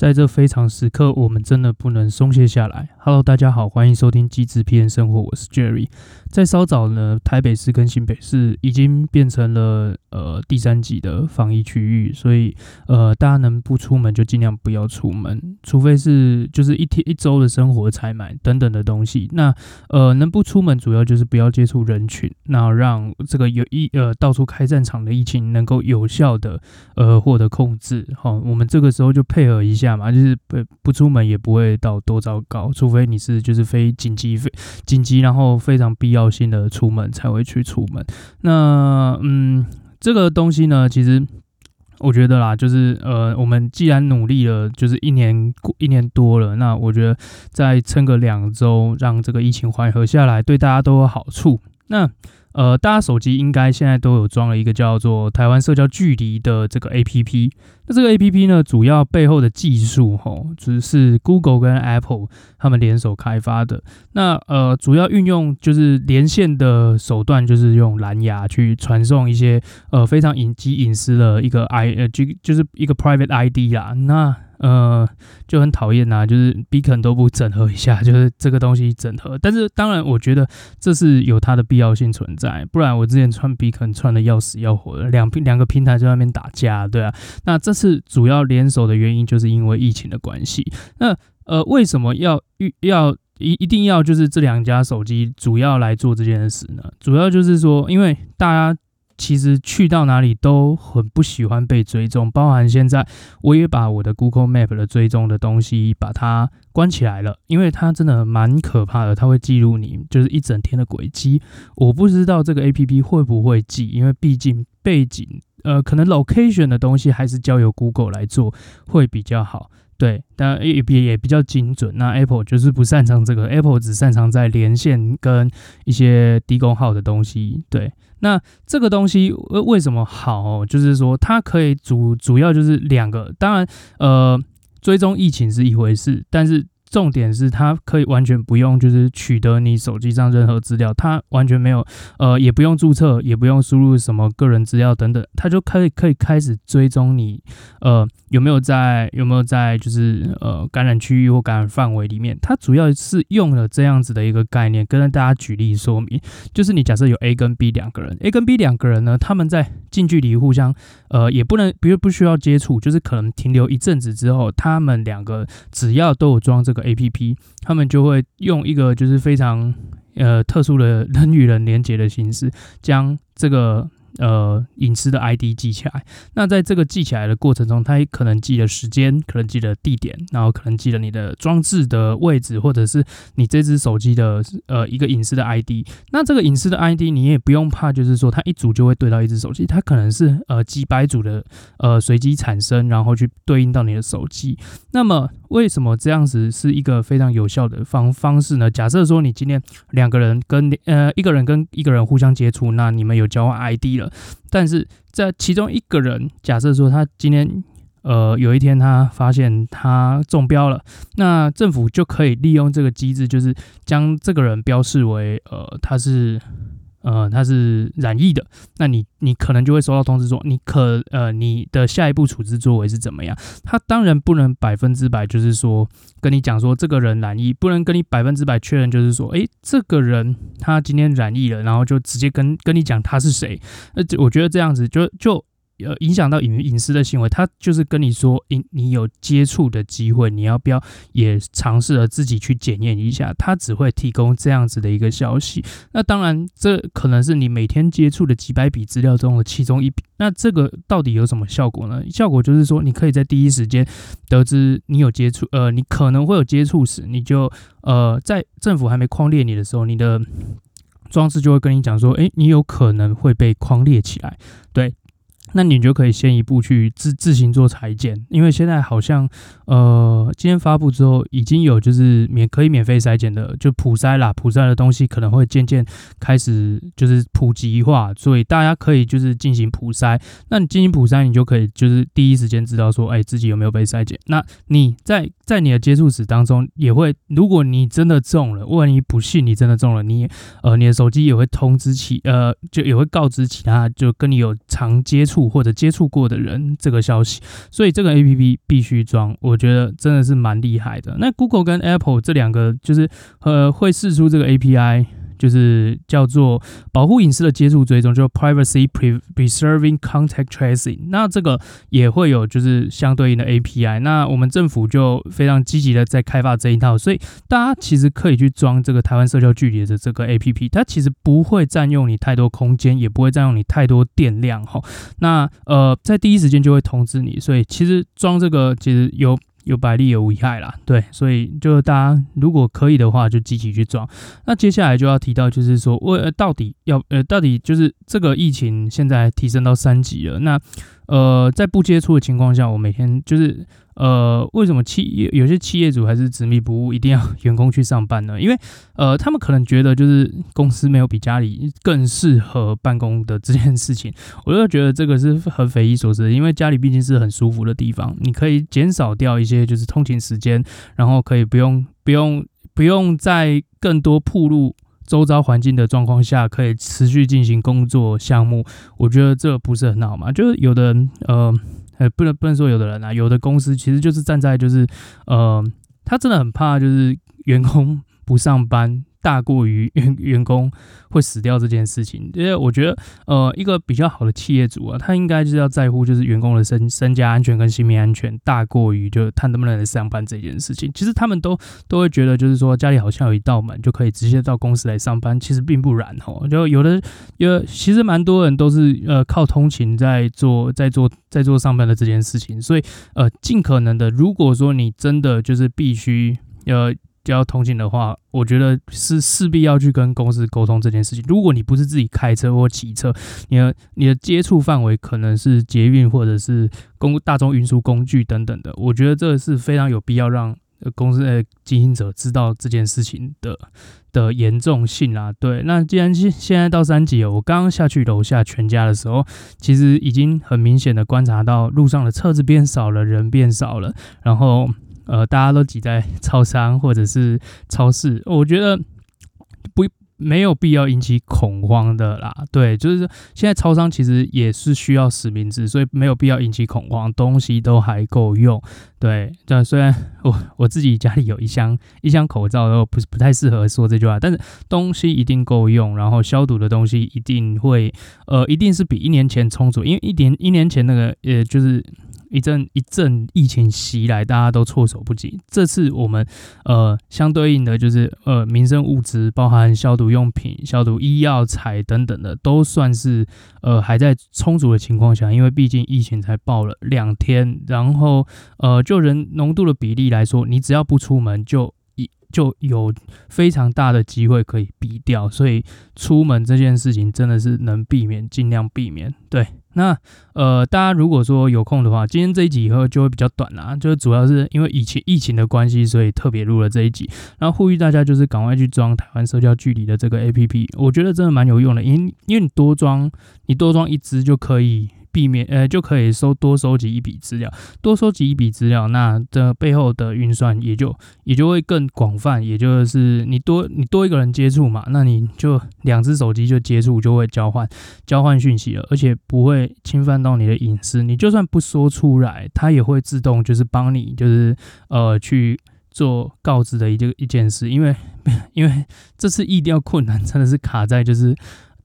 在這非常時刻，我們真的不能鬆懈下來。Hello，大家好，歡迎收聽《機智 P N 生活》，我是 Jerry。在稍早呢，台北市跟新北市已經變成了呃第三級的防疫區域，所以呃大家能不出門就盡量不要出門，除非是就是一天一周的生活採買等等的東西。那呃能不出門，主要就是不要接觸人群，那讓這個有一呃到處開戰場的疫情能夠有效的呃獲得控制。好，我們這個時候就配合一下。幹嘛，就是不不出門也不會到多糟糕，除非你是就是非緊急非緊急，急然後非常必要性的出門才會去出門。那嗯，這個東西呢，其實我覺得啦，就是呃，我們既然努力了，就是一年過一年多了，那我覺得再撐個兩周，讓這個疫情緩和下來，對大家都有好處。那。呃，大家手機應該現在都有裝了一個叫做“台灣社交距離”的這個 APP。那這個 APP 呢，主要背後的技術吼，就是 Google 跟 Apple 他們聯手開發的。那呃，主要運用就是連線的手段，就是用藍牙去傳送一些呃非常隱機隱私的一個 i 呃就就是一個 private ID 啦。那呃，就很討厭吶，就是 Beacon 都不整合一下，就是這個東西整合。但是當然，我覺得這是有它的必要性存在，不然我之前穿 Beacon 穿的要死要活的，兩兩個平台在外面打架，對啊。那這次主要聯手的原因，就是因為疫情的關係。那呃，為什麼要要一一定要就是這兩家手機主要來做這件事呢？主要就是說，因為大家。其實去到哪裡都很不喜歡被追蹤，包含現在我也把我的 Google Map 的追蹤的東西把它關起來了，因為它真的蠻可怕的，它會記錄你就是一整天的軌跡。我不知道這個 APP 會不會記，因為畢竟背景呃，可能 location 的東西還是交由 Google 來做會比較好。對，但也也也比較精準。那 Apple 就是不擅長這個，Apple 只擅長在連線跟一些低功耗的東西。對，那這個東西為為什麼好？就是說它可以主主要就是兩個，當然，呃，追蹤疫情是一回事，但是。重點是他可以完全不用，就是取得你手機上任何資料，他完全沒有，呃，也不用註冊，也不用輸入什麼個人資料等等，他就可以可以開始追蹤你，呃，有沒有在有沒有在就是呃感染區域或感染範圍裡面。他主要是用了這樣子的一個概念，跟大家舉例說明，就是你假設有 A 跟 B 兩個人，A 跟 B 兩個人呢，他們在近距離互相，呃，也不能不不需要接觸，就是可能停留一陣子之後，他們兩個只要都有裝這個。APP，他們就會用一個就是非常呃特殊的人與人連接的形式，將這個。呃，隱私的 ID 記起來。那在這個記起來的過程中，它也可能記得時間，可能記得地點，然後可能記得你的裝置的位置，或者是你這支手機的呃一個隱私的 ID。那這個隱私的 ID，你也不用怕，就是說它一組就會對到一支手機，它可能是呃幾百組的呃隨機產生，然後去對應到你的手機。那麼為什麼這樣子是一個非常有效的方，方式呢？假設說你今天兩個人跟呃一個人跟一個人互相接觸，那你們有交換 ID。但是在其中一個人，假設說他今天，呃，有一天他發現他中標了，那政府就可以利用這個機制，就是將這個人標示為，呃，他是。呃，他是染疫的，那你你可能就會收到通知說，你可呃你的下一步處置作為是怎麼樣？他當然不能百分之百就是說跟你講說這個人染疫，不能跟你百分之百確認就是說，誒，這個人他今天染疫了，然後就直接跟跟你講他是誰？呃，我覺得這樣子就就。呃，影響到隱隱私的行為，他就是跟你說，你你有接觸的機會，你要不要也嘗試着自己去檢驗一下？他只會提供這樣子的一個消息。那當然，這可能是你每天接觸的幾百筆資料中的其中一筆。那這個到底有什麼效果呢？效果就是說，你可以在第一時間得知你有接觸，呃，你可能會有接觸史，你就呃，在政府還沒匡列你的時候，你的裝置就會跟你講說，哎、欸，你有可能會被匡列起來，對。那你就可以先一步去自自行做篩檢，因為現在好像，呃，今天發布之後已經有就是免可以免費篩檢的，就普篩啦，普篩的東西可能會漸漸開始就是普及化，所以大家可以就是進行普篩。那你進行普篩，你就可以就是第一時間知道說，哎、欸，自己有沒有被篩檢？那你在在你的接觸史當中也會，如果你真的中了，萬一不幸你真的中了，你也呃你的手機也會通知其呃就也會告知其他就跟你有常接觸。或者接觸過的人，這個消息，所以這個 A P P 必須裝，我覺得真的是蠻厲害的。那 Google 跟 Apple 這兩個，就是呃，會釋出這個 A P I。就是叫做保護隱私的接觸追蹤，就 privacy preserving contact tracing。那這個也會有就是相對應的 API。那我們政府就非常積極的在開發這一套，所以大家其實可以去裝這個台灣社交距離的這個 APP。它其實不會占用你太多空間，也不會占用你太多電量哈。那呃，在第一時間就會通知你，所以其實裝這個其實有。有百利而無一害啦，對，所以就大家如果可以的話，就積極去裝。那接下來就要提到，就是說，為到底要呃，到底就是這個疫情現在提升到三級了，那。呃，在不接觸的情況下，我每天就是呃，為什麼企業有些企業主還是執迷不悟，一定要員工去上班呢？因為呃，他們可能覺得就是公司沒有比家裡更適合辦公的這件事情，我就覺得這個是很匪夷所思。因為家裡畢竟是很舒服的地方，你可以減少掉一些就是通勤時間，然後可以不用不用不用再更多暴露。周遭環境的狀況下，可以持續進行工作項目，我覺得這不是很好嘛？就是有的人，呃，不能不能說有的人啊，有的公司其實就是站在就是，呃，他真的很怕就是員工。不上班大過於員員工會死掉這件事情，因為我覺得呃一個比較好的企業主啊，他應該就是要在乎就是員工的身身家安全跟性命安全，大過於就他能不能來上班這件事情。其實他們都都會覺得就是說家裡好像有一道門就可以直接到公司來上班，其實並不然哦。就有的有的其實蠻多人都是呃靠通勤在做在做在做上班的這件事情，所以呃盡可能的，如果說你真的就是必須要。呃就要通行的話，我覺得是勢必要去跟公司溝通這件事情。如果你不是自己開車或騎車，你的你的接觸範圍可能是捷運或者是公大眾運輸工具等等的，我覺得這是非常有必要讓公司的經營者知道這件事情的的嚴重性啦。對，那既然現現在到三級了，我剛剛下去樓下全家的時候，其實已經很明顯的觀察到路上的車子變少了，人變少了，然後。呃，大家都擠在超商或者是超市，我覺得不沒有必要引起恐慌的啦。對，就是現在超商其實也是需要實名制，所以沒有必要引起恐慌，東西都還夠用。對，但雖然我我自己家裡有一箱一箱口罩都不，不太適合說這句話，但是東西一定夠用，然後消毒的東西一定會，呃，一定是比一年前充足，因為一年一年前那個，呃，就是。一陣一陣疫情襲來，大家都措手不及。這次我們呃相對應的就是呃民生物資，包含消毒用品、消毒醫藥材等等的，都算是呃還在充足的情況下。因為畢竟疫情才爆了兩天，然後呃就人濃度的比例來說，你只要不出門就，就一就有非常大的機會可以避掉。所以出門這件事情真的是能避免，盡量避免，對。那呃，大家如果說有空的話，今天這一集以後就會比較短啦，就是主要是因為以前疫情的關係，所以特別錄了這一集。然後呼籲大家就是趕快去裝台灣社交距離的這個 APP，我覺得真的蠻有用的，因因為你多裝，你多裝一支就可以。避免呃、欸，就可以收多收集一筆資料，多收集一筆資料，那這背後的運算也就也就會更廣泛，也就是你多你多一個人接觸嘛，那你就兩只手機就接觸就會交換交換訊息了，而且不會侵犯到你的隱私，你就算不說出來，它也會自動就是幫你就是呃去做告知的一件一件事，因為因為這次疫調困難真的是卡在就是。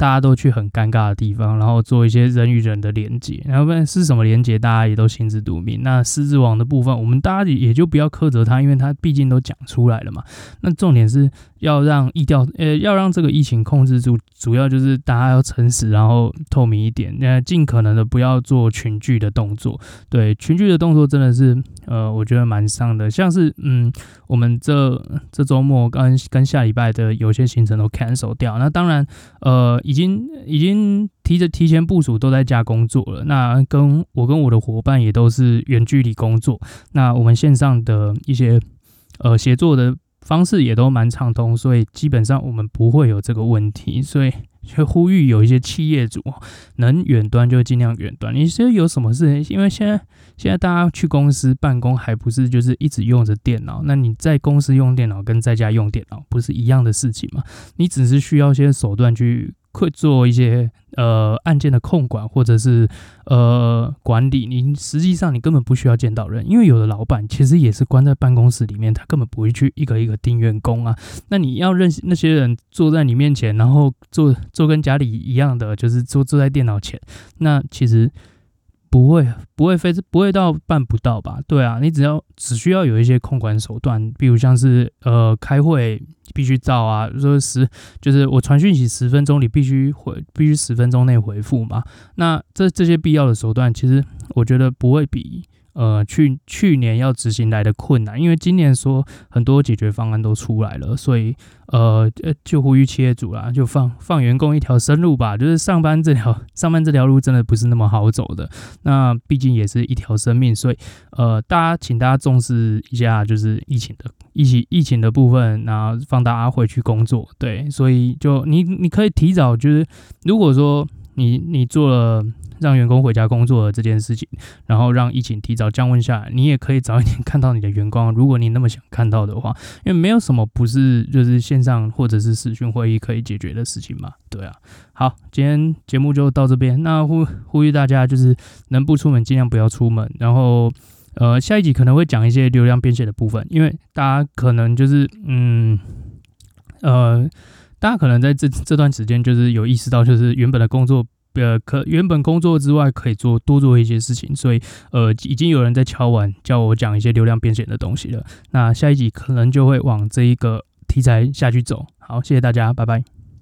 大家都去很尷尬的地方，然後做一些人與人的連接，然後問是什麼連接，大家也都心知肚明。那獅子王的部分，我們大家也就不要苛責他，因為他畢竟都講出來了嘛。那重點是要讓疫調，呃、欸，要讓這個疫情控制住，主要就是大家要誠實，然後透明一點，呃，盡可能的不要做群聚的動作。對，群聚的動作真的是，呃，我覺得蠻傷的。像是，嗯，我們這這周末跟跟下禮拜的有些行程都 cancel 掉。那當然，呃。已經已經提着提前部署，都在家工作了。那跟我跟我的夥伴也都是遠距離工作。那我們線上的一些呃協作的方式也都蠻暢通，所以基本上我們不會有這個問題。所以就呼籲有一些企業主能遠端，就盡量遠端。你是有什麼事？因為現在現在大家去公司辦公還不是就是一直用着電腦。那你在公司用電腦跟在家用電腦不是一樣的事情嗎？你只是需要一些手段去。會做一些呃案件的控管或者是呃管理，你實際上你根本不需要見到人，因為有的老板其實也是關在辦公室裡面，他根本不會去一個一個盯員工啊。那你要認識那些人坐在你面前，然後坐坐跟家裡一樣的，就是坐坐在電腦前，那其實。不會，不會非不會到辦不到吧？對啊，你只要只需要有一些控管手段，比如像是呃開會必須照啊，說、就是、十就是我傳訊息十分鐘，你必須回，必須十分鐘內回復嘛。那這這些必要的手段，其實我覺得不會比。呃，去去年要執行來的困難，因為今年說很多解決方案都出來了，所以呃，就呼籲企業主啦，就放放員工一條生路吧。就是上班這條上班這條路真的不是那麼好走的，那畢竟也是一條生命，所以呃，大家請大家重視一下，就是疫情的疫情疫情的部分，然後放大家回去工作。對，所以就你你可以提早，就是如果說。你你做了讓員工回家工作的這件事情，然後讓疫情提早降溫下來，你也可以早一點看到你的員工，如果你那麼想看到的話，因為沒有什麼不是就是線上或者是視訊會議可以解決的事情嘛，對啊。好，今天節目就到這邊，那呼呼籲大家就是能不出門盡量不要出門，然後呃，下一集可能會講一些流量變現的部分，因為大家可能就是嗯呃。大家可能在這這段時間就是有意識到，就是原本的工作，呃，可原本工作之外可以做多做一些事情，所以，呃，已經有人在敲碗叫我講一些流量變現的東西了。那下一集可能就會往這一個題材下去走。好，謝謝大家，拜拜。